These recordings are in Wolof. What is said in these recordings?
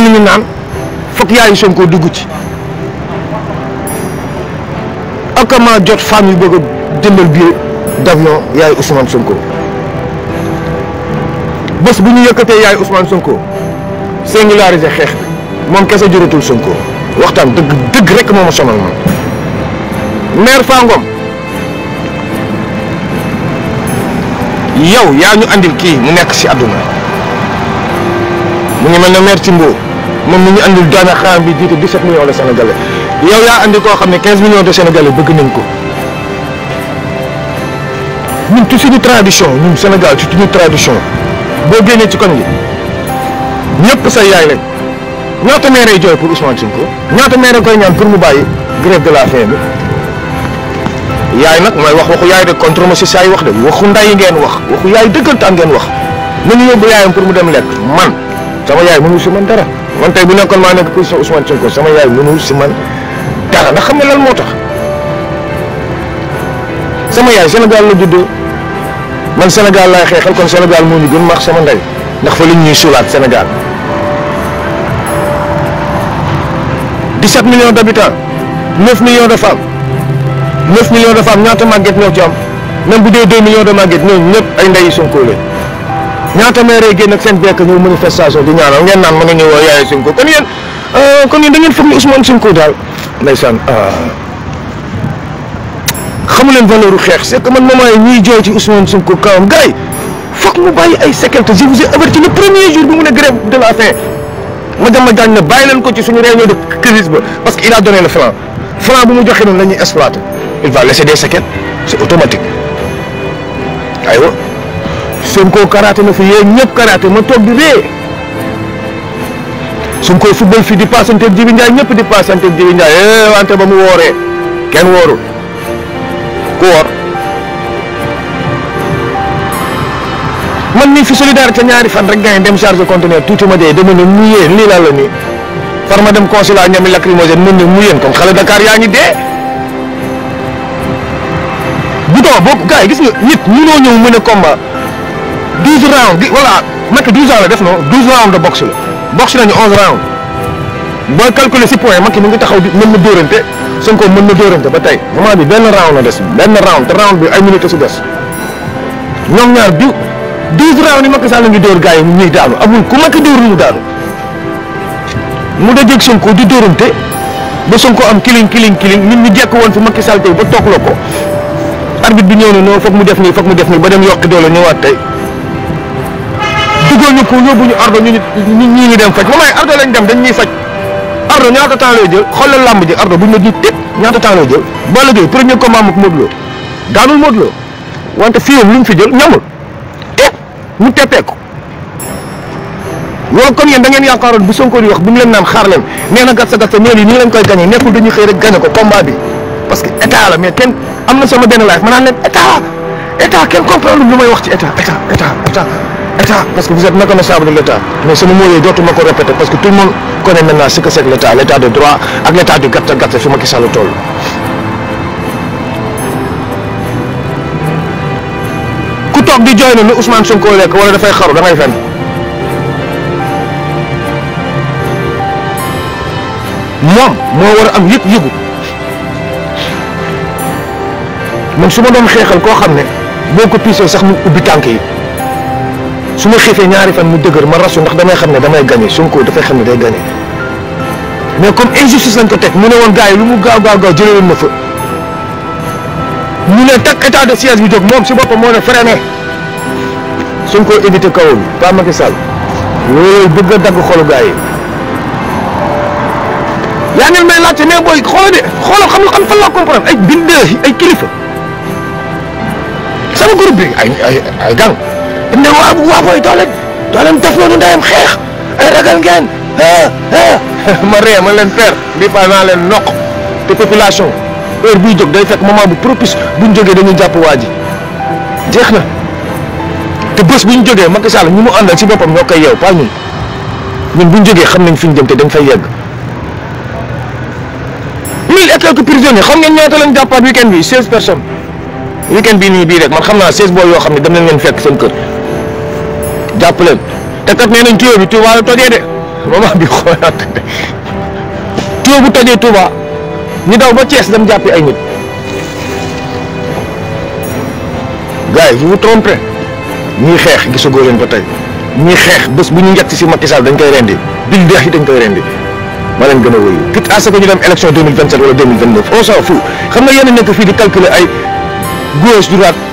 ñooñu ñu naan foog yaayu Sonko dugg ci ak jot femme yu bëgg a jëndal d'avion yaayu Ousmane Sonko bés bu ñu yëkkatee yaayu Ousmane Sonko singularisé xeex bi moom kese juratul Sonko waxtaan dëgg dëgg rek moom ma sonal man maire Fangom yow yaa ñu andil kii mu nekk ci àdduna mu ngi mel ne maire Timbo. moom mi ñu andil doomi xaram bi jiite 17 millions de sénégalais yow yaa andi koo xam ne 15 millions de sénégalais bëgg nañ ko ñun ci suñu tradition ñun sénégal ci suñu tradition boo génnee ci kon gi ñëpp sa yaay lañ ñaata maire joy pour Ousmane Sonko ñaata maire koy ñaan pour mu bàyyi grève de la faim bi yaay nag mooy wax waxu yaay de contre ma si saay wax de waxu nday ngeen wax waxu yaay dëggantaan ngeen wax nañu yóbbu yaayam pour mu dem lekk man sama yaay mënu si man dara man tey bu nekkoon maa nekk ko Ousmane Sonko sama yaay mënul si man dara ndax xam nga lan moo tax sama yaay Sénégal la juddoo man Sénégal laay xeexal kon Sénégal moo ñu gën maax sama ndey ndax fa lañ ñuy sulaat Sénégal 17 millions d'habitants 9 millions de femmes 9 millions de femmes ñaata màgget ñoo ci am bu dee 2 millions de màgget ñooñu ñëpp ay ndeyi Sonko ñaata maire yi génn ak seen bekk ñëw manifestation di ñaanal ngeen naan mën nañu woo Yaya Sonko kon yéen euh, kon yéen da ngeen foog ni Ousmane Sonko daal ndeysaan euh, xamu leen valeur u xeex se que man moment yi ñuy jooy ci Ousmane Sonko kawam gars yi foog mu bàyyi ay sécurité je vous ai averti le premier jour bi mu ne grève de la faim ma dem ma daañ ne bàyyi leen ko ci suñu réunion de crise ba parce que il a donné le franc franc bu mu joxe noonu la ñuy exploité il va laisser des séquelles c'est automatique aywa ko karaté na fi yeen ñepp karaté ma tok di ré ko football fi di passanté Djibi Ndiaye ñepp di passanté Djibi Ndiaye eh wante ba mu woré ken woru ko wor man ni fi solidarité ñaari fan rek gaay dem charger conteneur touti ma dé dem ne muyé li la la ni far ma dem consulat ñami lacrymogène mu ni muyé kon xalé Dakar yaangi dé buto bok gaay gis nga nit ñu no ñew mëna combat douze rounds di voilà Macky douze ans la def non douze rounds de boxe la boxe nañu onze rounds booy calculer si point Macky mu ngi taxaw di mën na dóorante Sonko mën na dóorante ba tey moment bi benn round la des benn round te round bi ay minutes si des ñoom ñaar du douze rounds ni Macky Sall ngi dóor gars yi ñuy daanu amul ku Macky dóorul ñu daanu mu dajeeg Sonko di dóorante ba Sonko am kiling kiling kiling nit ñi jekk woon fi Macky Sall tey ba la ko arbitre bi ñëw na noonu foog mu def nii foog mu def nii ba dem yokk doole ñëwaat tey. bëggoo ñu ko yóbbuñu ardo ñu ñu ñii ñu dem faj ba may ardo lañ dem dañ ñuy faj ardo ñaata temps lay jël xoolal làmb ji ardo buñ la ji tëj ñaata temps lay jël Balla Gaye premier combat ak Modou Lo daanul Modou lu mu fi jël ñamul te eh, mu teppee ko loolu comme yéen da ngeen bu Sonko di bu mu leen naan xaar leen nee na gàtt gàtt mairie yi nii lañ koy gagné nekkul dañuy xëy rek gagné ko combat bi parce que état la mais kenn am na sama benn laaj ma naan leen état état kenn comprendre lu may wax ci état état état État, parce que vous êtes méconnaissable de l'État. Mais ce moment mot est d'autres me répéter, parce que tout le monde connaît maintenant ce que c'est que l'État, l'État de droit, avec l'État du gâteau gâte c'est moi qui le tol. Ku tok di joy lu Ousmane Sonko lek wala da fay xaru da ngay fen. Mom mo wara am yek yegu. Man suma doon xéxal ko xamné boko pissé sax mu ubbi tank yi. su ma xiifee ñaari fan mu dëgër ma rasu ndax damay xam ne damay gagné Sonko dafay xam ne day gagné mais comme injustice lañ ko teg mu ne woon gaa yi lu mu gaaw gaaw gaaw jëlee woon na fa ñu ne takk état de siège bi jóg moom si boppa moo ne freiné Sonko évité kaw bi pas Macky Sall loolu bëgg a dagg xolu gars yi. yaa ngeen may laajte ne booy xooloo de xooloo xam xam fan laa comprendre ay bind ay kilifa sama groupe bi ay ay am na waa waa booy dooleen dooleen def loolu ndeyam xeex ay ragal ngeen ma ree ma leen faire bii paa naa leen noq te population heure buy jóg day fekk moment bu propice bu ñu jógee dañuy jàpp waa ji jeex na te bés bu ñu jógee Macky Sall ñu mu àndal ci boppam ñoo koy yeew pas ñun ñun bu ñu xam nañ fi ñu jëm te dañ fay yegg mille et quelques prisonniers xam ngeen ñaata lañ jàppaat week-end bi seize personnes week-end bii nii bii rek man xam naa seize boo yoo xam ne dem nañ leen fekk seen kër. jappelen leen te kat nee nañ tuyau bi Touba la tojee de moment bi xoolaat tuyau bu tojee tuba ni daw ba ties dem jappi ay nit gars yi vous vous trompez ñii xeex gisagoo leen ba tay ni xex bés bu ñu ñett si Macky Sall dañ koy rendi bil deex yi dañ koy rendi ma leen gëna a kit quitte ko ñu dem élection 2027 wala 2029 on s'en fout xam nga yéen nekk di calculer ay gauche droite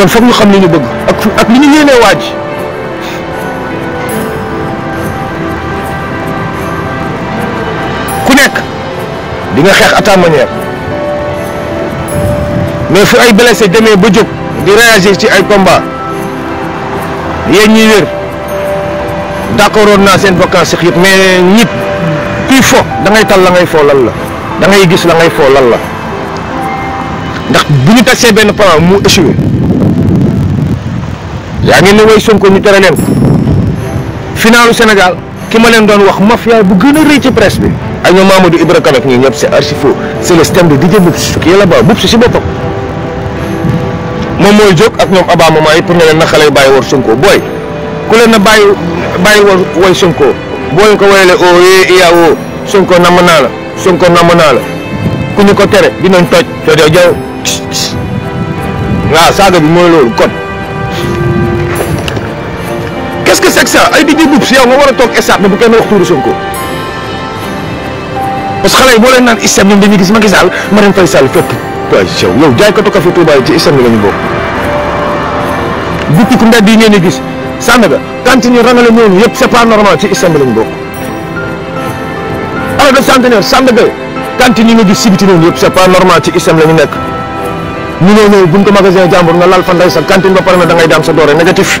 kon foog ñu xam li ñu bëgg ak ak li ñu yéenee waaj ku nekk di nga xeex à mais fu ay blessé demee ba jóg di réagir ci ay combat yéen ñi wér d'accord naa seen vacances yëpp mais nit kuy fo da ngay tal la ngay foo la da ngay gis la ngay foo la ndax bu ñu tasee benn plan mu échoué. yaa ngi ne way Sonko ñu tere leen finalu Sénégal ki ma leen doon wax mafia bu gën a rëy ci presse bi ak ñoom Mamadou Ibra Kane ak ñi ñëpp si archifaux c'est le di jë Didier Boubs kii la ba Boubs si boppam moom mooy jóg ak ñoom Aba moom yi pour ne leen na xale yi bàyyi woon Sonko booy ku leen na bàyyi bàyyi woon way Sonko booy ko wayale o oh, yee eh, eh, iyaawoo oh, Sonko namm naa la Sonko namm naa la ku ñu ko tere dinañ toj soo waaw saaga bi mooy lool qu'est-ce que c'est que ça ay di buub si yow nga war a toog ne bu kenn wax tuuru Sonko parce que bo len nan isam ñu islam dañuy gis Macky Sall ma dem fay Sall fekk waaye yow yow jaay ko tokka fi Touba ci isam la ñu bokk guppi ku mbedd yi ngeen di gis Sandaga cantine rangale ñooñu c'est pas normal ci isam lañu bok ala alors de centenaire Sandaga cantine ñu nga gis sibiti ñu yépp c'est pas normal ci isam lañu nek. ñu ñëw ñëw buñ ko magasin jambour nga lal fa nday sa cantine ba paramé da ngay dam sa doore négatif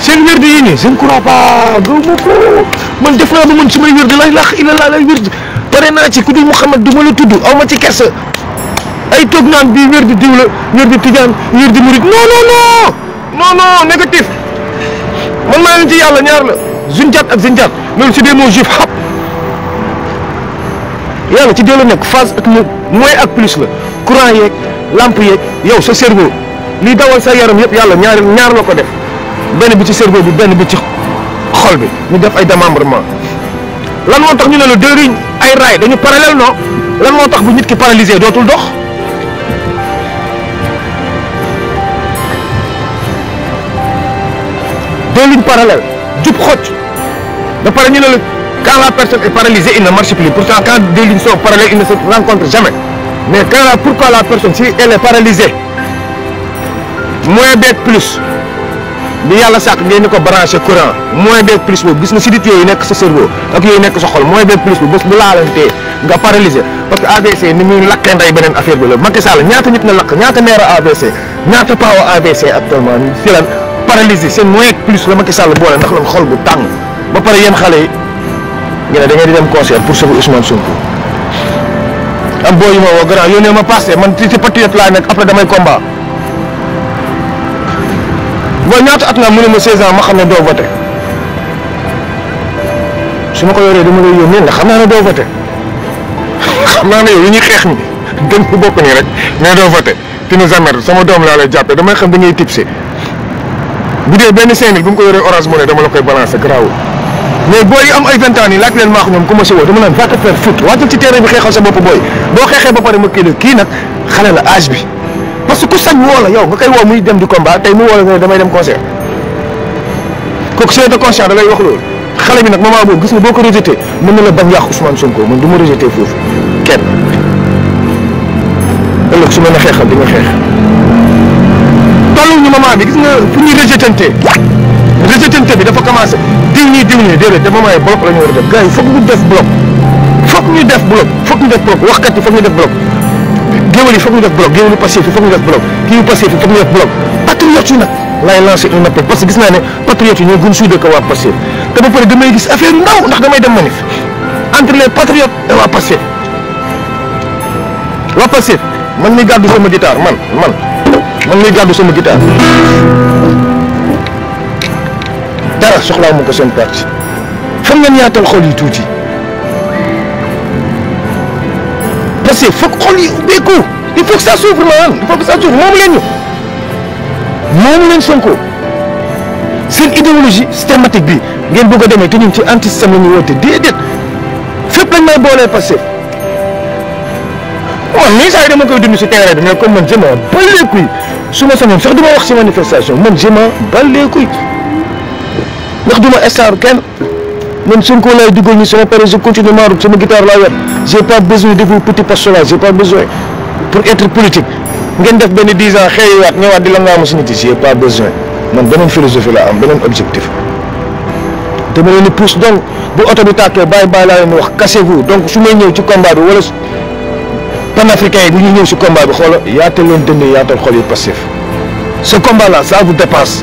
seen wér yi nii je ne crois pas gëm ma ko man def naa ba man may wér di lay lax ila laa lay wér di pare naa ci ku dul Mouhamed du ma la tudd aw ma ci kersa ay toog naan bii wér di diw la wér di tijaan wér di murit non non non non non négatif ci yàlla ñaar la zunjaat ak zinjaat loolu si dee moo juif xap yàlla ci dee la nekk phase ak mo moins ak plus la courant yeeg lampe yeeg yow sa cerveau liy dawal sa yaram yëpp yàlla ñaar ñaar la ko def ben bi ci cerveau bi ben bi ci xol bi ñu def ay démembrement lan moo tax ñu ne la deux lignes ay ray dañu parallèle non lan moo tax bu nit ki paralysé dootul dox deux lignes parallèles jub la da pare ñu ne la quand la personne est paralysée elle ne marche plus pourtant quand deux lignes sont parallèles ils ne se rencontrent jamais mais quand pourquoi la personne si elle est paralysée moins bête plus bi yàlla sàkk ngeen ni ko branché courant moins beeg plus boobu gis nga sidit yooyu nekk sa cerveau ak yooyu nekk sa xol moins beeg plus boobu bu laalantee nga paralysé parce que AVC ni muy lakkee nday beneen affaire bi la Macky Sall ñaata nit na lakk ñaata neera AVC ñaata paawa AVC actuellement si lan paralysé seen plus la Macky Sall boole ndax lan xol bu tàng ba pare yéen xale yi nga ne da ngay di dem concert pour sauver Ousmane Sonko am booyu man ci patriote laa ko ñaata at nga mu ne ma 16 ans ma xam ne doo voté su ma ko yoree dama lay yónnee ndax xam naa ne doo voté xam naa ne yow yi ñuy xeex ni gën ñu bokk nii rek mais doo voté tinu zamer sama doom laa lay jàppee damay xam da ngay tipsé bu dee benn 5000 bu mu ko yoree orange mu ne dama la koy balancer garaawul mais booy yi am ay vingt ans nii laaj leen maax ñoom ku ma dama naan va te faire foutre waatul ci terrain bi xeexal sa bopp booy boo xeexee ba pare ma kii la kii nag xale la âge bi. parce que sañ wo la yow nga kay wo muy dem di combat tay mu wo la ngay damay dem concert ko ko sey de concert da lay wax loolu xale bi nak mama bo gis nga boko rejeté mën na la bañ yàq Ousmane Sonko mën duma rejeté fofu kèn ëllëg su na xéxal dina xéx nga ñu mama bi gis nga fu ñuy rejetante rejetante bi dafa commencé diw ni diw ni dédé dama may yi bloc la ñu war def gaay fokk ñu def bloc fokk ñu def bloc fokk ñu def bloc waxkat yi foog ñu def bloc géwél yi foog ñu def bloc géwél yu passé fi foog ñu def bloc kii yu passé fi foog ñu def bloc patriote yi nag laay lancé un appel que gis naa ne patriote yi ñoo gën suudee ko waa passé te ba pare damay gis affaire yu ndaw ndax damay dem manif entre les patriotes et waa passé waa passé man mi gàddu sama guitare man man man mi gàddu sama guitare dara soxlaa mu ko seen parti fan ngeen yaatal xol yi tuuti. faut que qu'on y il faut que ça s'ouvre hein. il faut que ça s'ouvre s'ouvre. Il faut que Sonko Il idéologie systématique bi s'ouvre. bëgg a que ça ñun ci anti système ça s'ouvre. plein faut que lañ may Il passé que ça s'ouvre. dama koy dund s'ouvre. Il faut comme s'ouvre. je faut les couilles ma manifestation mon je faut les couilles même Sonko laay dugal nii sama pare je continue ma route sama guitare laa yor j'ai pas besoin de vous petit pastoral j'ai pas besoin pour être politique ngeen def benn dix ans xëyewaat ñëwaat di la nga am si nit j'ai pas besoin man beneen philosophie la am beneen objectif dama leen di pousse donc bu oto bi tàkkee bàyyi bàyyi laa leen wax cassez-vous donc su may ñëw ci combat bi wala panafricain yi bu ñu ñëw si combat bi xoola yaatal leen dënd yaatal xol yi passif ce combat là ça vous dépasse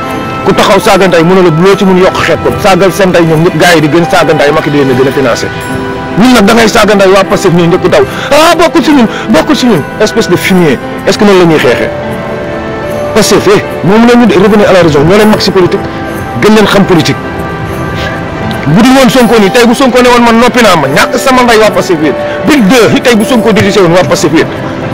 ku taxaw saaga nday mën a la loo ci mun yokk xeet ko saagal seen nday ñoom ñëpp gars di gën saaga nday Macky di gën a financé ñun nag da ngay saaga nday waa Pastef ñooy njëkk daw ah bokkul si ñun que noonu la ñuy xeexee Pastef eh moom la ñu revenir à la raison ñoo leen mag si politique gën leen xam politique bu dul woon Sonko nii tey bu Sonko ne woon man noppi naa ma ñàkk sama nday waa Pastef yéen big deux tey bu Sonko dirigé woon waa Pastef yéen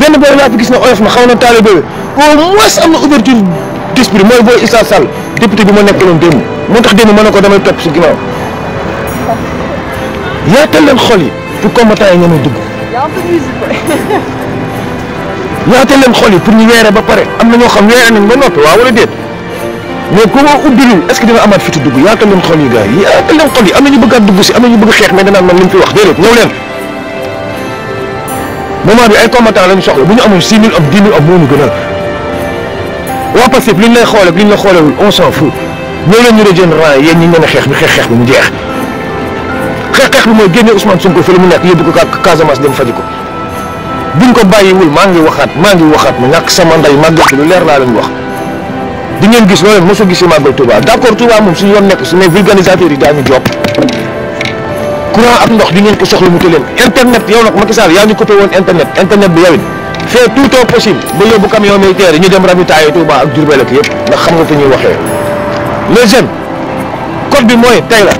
ben boy la fi gis na oyof ma xawna talibé taalibe bi au moins am ouverture d'esprit moy boy Issa Sall député bi nek non dem moo tax démb ma ne ko damay topp si ginnaaw yaatal leen xol yi pour combattant yi ñeme dugg ya tan len xol yi pour ñu wéré ba pare am na ñoo xam weere nañ ba noppi waaw wala déet mais ko ma ubbilul est ce que dina amaat fi ci dugg ya tan len xol yi gaay ya tan len xol yi am na ñu bëgg dugg ci am na ñu bëgg xex mais danaan man li mu fi wax déedéet ñëw len moment bi ay combattant lañu soxla bu ñu amul 6 000 hommes 10 000 hommes moo ñu gënal waa Pastef li ñu lay xool ak li ñu la xoolewul on s'en fout ñoo leen ñu rejoindre rang yéen ñi ngeen a xeex bi xeex xeex bi mu jeex xeex xeex bi mooy génne Ousmane Sonko fële mu nekk yóbbu ko Casamance dem faji ko buñ ko bàyyiwul maa ngi waxaat maa ngi waxaat ma ñàkk sama nday màggal ci lu leer laa leen wax di ngeen gis loo leen mosoo gisee màggal Touba d'accord Touba moom suñu yoon nekk su mais vulganisateur yi daañu job courant ak ndox di ngeen ko soxla mu te leen internet yow nag Macky yaa ñu coupé woon internet internet bi yawit fait tout au possible ba yóbbu camion militaire yi ñu dem ravitailler Touba ak Diourbel ak yëpp ndax xam nga fi ñuy waxee les jeunes bi mooy tey la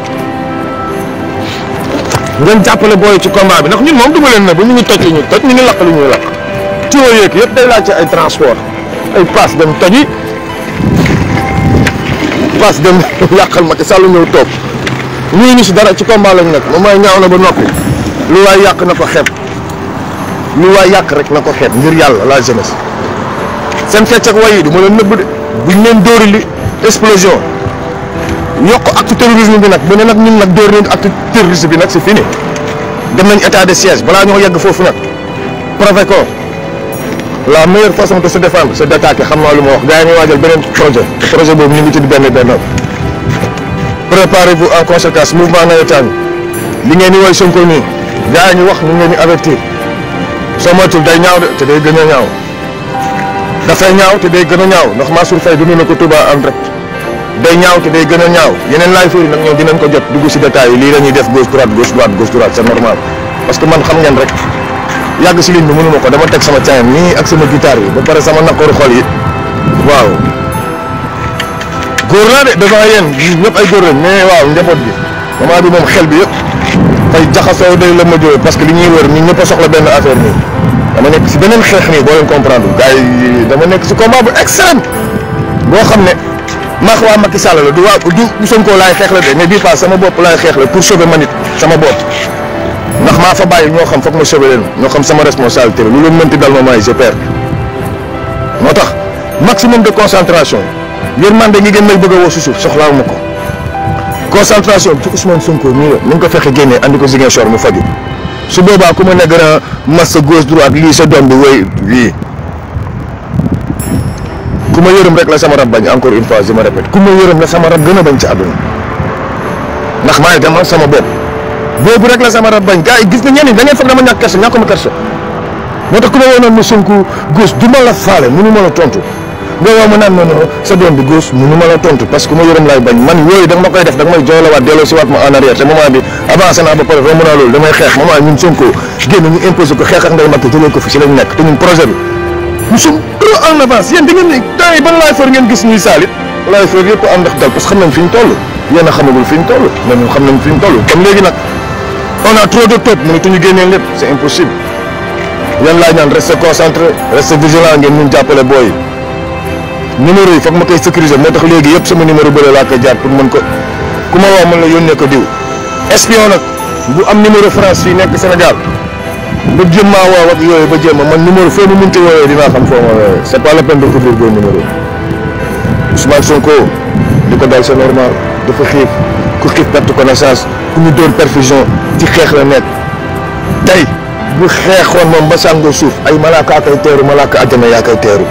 ngeen jàppale booy ci combat bi ndax ñun moom duma leen na bu ñu ngi toj li ñuy toj ñu ngi lakk li ñuy lakk tuyau yeeg yëpp day laaj ci ay transport ay passe dem toji passe dem yàqal Macky Sall ñëw toog ñuy ñu si dara ci combat lañ nekk moom mooy ñaaw na ba noppi lu waay yàq na ko xeeb lu waay yàq rek na ko xeeb ngir yàlla la jeunesse seen fecc ak yi du ma leen nëbb de buñ leen dóori li explosion yokk acte terrorisme bi nag bu ne nag ñun nag dóor leen acte terrorisme bi nag c'est fini dem nañ état de siège balaa ñoo yegg foofu nag provoqué ko la meilleure façon de se défendre c'est d'attaquer xam naa lu ma wax gars beneen projet projet boobu ñu ngi tudd benn benn préparez-vous en conséquence mouvement nawetaan li ngeen ni way Sonko ni gaay ngi wax ñu ngeen ni avertir soo moytul day ñaaw te day gëna a da fay ñaaw te day gëna a ñaaw ndax Mansour fay du na ko tuba am rek day ñaaw te day gëna a ñaaw yeneen lay fóori nak ñoo dinañ ko jot duggu ci détail li lañuy def gauche droite gauche droite gauche droite c'est normal parce que man xam ngeen rek yag ci ligne bi mënu mako dama tek sama caen ni ak sama guitare yi ba paré sama nakooru xol yi waaw góor laa de devant yéen ñëpp ay góor lañ mais waaw njaboot bi moment bi moom xel bi yëpp ay jaxasoo day la ma jógee parce que li ñuy wër ñun ñëpp soxla benn affaire nii dama nekk si beneen xeex nii boo leen comprendre gars yi dama nekk si combat bu extrême boo xam ne maax waa Macky Sall la du waa du Sonko laay xeex la de mais bii pass sama bopp laay xeex la pour sauver ma nit sama bopp ndax maa fa bàyyi ñoo xam foog ma sauver leen ñoo xam sama responsabilité la lu leen mënti dal ma maay je moo tax maximum de concentration. yërmande gi gën may bëgg a woo si suuf soxlaawu ma ko concentration bi su Ousmane Sonko mii la ni ko fexe génne andi ko soor mu faju su boobaa ku ma ne gën a mas sa gauche droite lii sa doom bi wéy lii ku ma yërëm rek la sama rab bañ encore une fois je me répète ku ma yërëm la rab gën a bañ ci àdduna ndax maa ngi demal sama bopp boobu rek la sama rab bañ gaa yi gis na ñenn da ngeen foog dama ñàkk kersa ñàkkuma kersa moo tax ku ma woo noonu ma Sonko du ma la faale mënu ma la tontu. boobaa mu naan ma sa doom bi góos mënu ma la tontu parce que bañ man yooyu da nga def da nga may jooylawaat delloo si waat ma en arrière te moment bi avancé naa ba pare romb naa loolu damay xeex moment ñun Sonko génn ñu imposé ko xeex ak ngay matt jëlee ko fi si lañ nekk te ñun projet bi nous trop en avance da ngeen ban for ngeen gis ñuy for am ndax dal parce que xam nañ fi ñu toll yéen a xamagul fi ñu xam nañ fi ñu toll comme léegi on a trop de top mënatuñu génneen lépp c'est impossible ñaan rester concentré rester vigilant ngeen ñun numéro yi fakk ma koy sécuriser moo tax léegi yëpp sama numéro beulé la koy jaar pour mën ko kuma wa woo mën la yonne ko diw espion nak bu am numéro France fi nek Sénégal bu jëm wa wak yoy ba jëm man numéro fo mu munti woyé dina xam fo mo woowee pas la peine de couvrir go numéro Ousmane Sonko diko dal c' normal normal fa xiif ku xiif perte connaissance ku ñu door perfusion ci xeex la nek tay bu xeexoon mom ba sàngoo suuf ay malaka akay téru malaka àjjana ya kay téru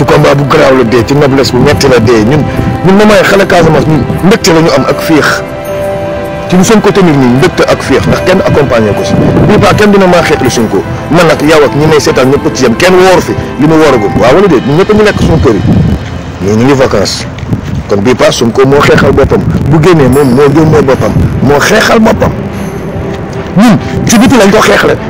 ci combat bu garaaw la dee ci noblesse bu metti la dee ñun ñun moomaay xale Casamance ñun mbégte ñu am ak féex ci ñu Sonko tamit nii mbégte ak feex ndax kenn accompagné ko si bii baa kenn dina maa xeexli Sonko man nag yow ak ñi may seetaan ñëpp ci yem kenn woor fi li mu wooragum waaw wala déet ñun ñëpp ñu nekk suñu kër yi ñii ñu ngi vacances kon bii suñ ko moo xeexal boppam bu génnee moom moo jëm moo boppam moo xeexal boppam ñun ci biti lañ ko xeexle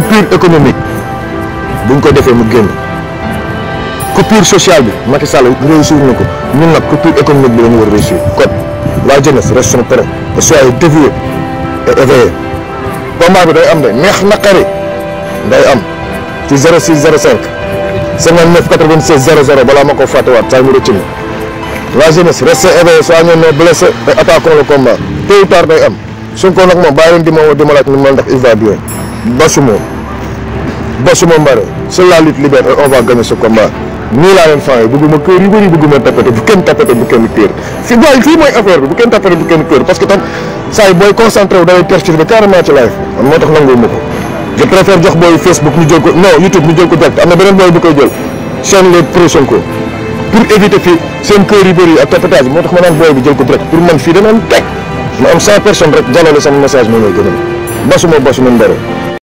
coupure économique buñ ko defee mu génn coupure sociale bi Macky Sall réussir na ko ñu nag coupure économique bi la ñu war a réussir kon la jeunesse restons prêts et soyez dévoués et éveillés combat bi day am de neex naqari day am ci 06 05 59 96 00 balaa ma ko fàttewaat saa mu rëcc mi la jeunesse restez éveillés soignez ne blessés et attaquons le combat tôt ou tard day am Sonko nag moom bàyyi leen di ma woo di ma laaj ni ma ndax il va bien Basumo Basumo Mbare c'est la lutte libère et on va gagner nii laa leen fawee bëgguma kër yu bëri bëgguma tapete bu kenn tapete bu kenn kër fi doy fii mooy affaire bi bu kenn tapete bu kenn kër parce que tam saa yi booy concentré wu da ngay perturbé carrément ci live am moo tax nanguwuma ko je préfère jox booy Facebook ñu jël ko non YouTube ñu jël ko direct am na beneen booy bu koy jël chaîne les pro Sonko pour éviter fii seen kër yu bëri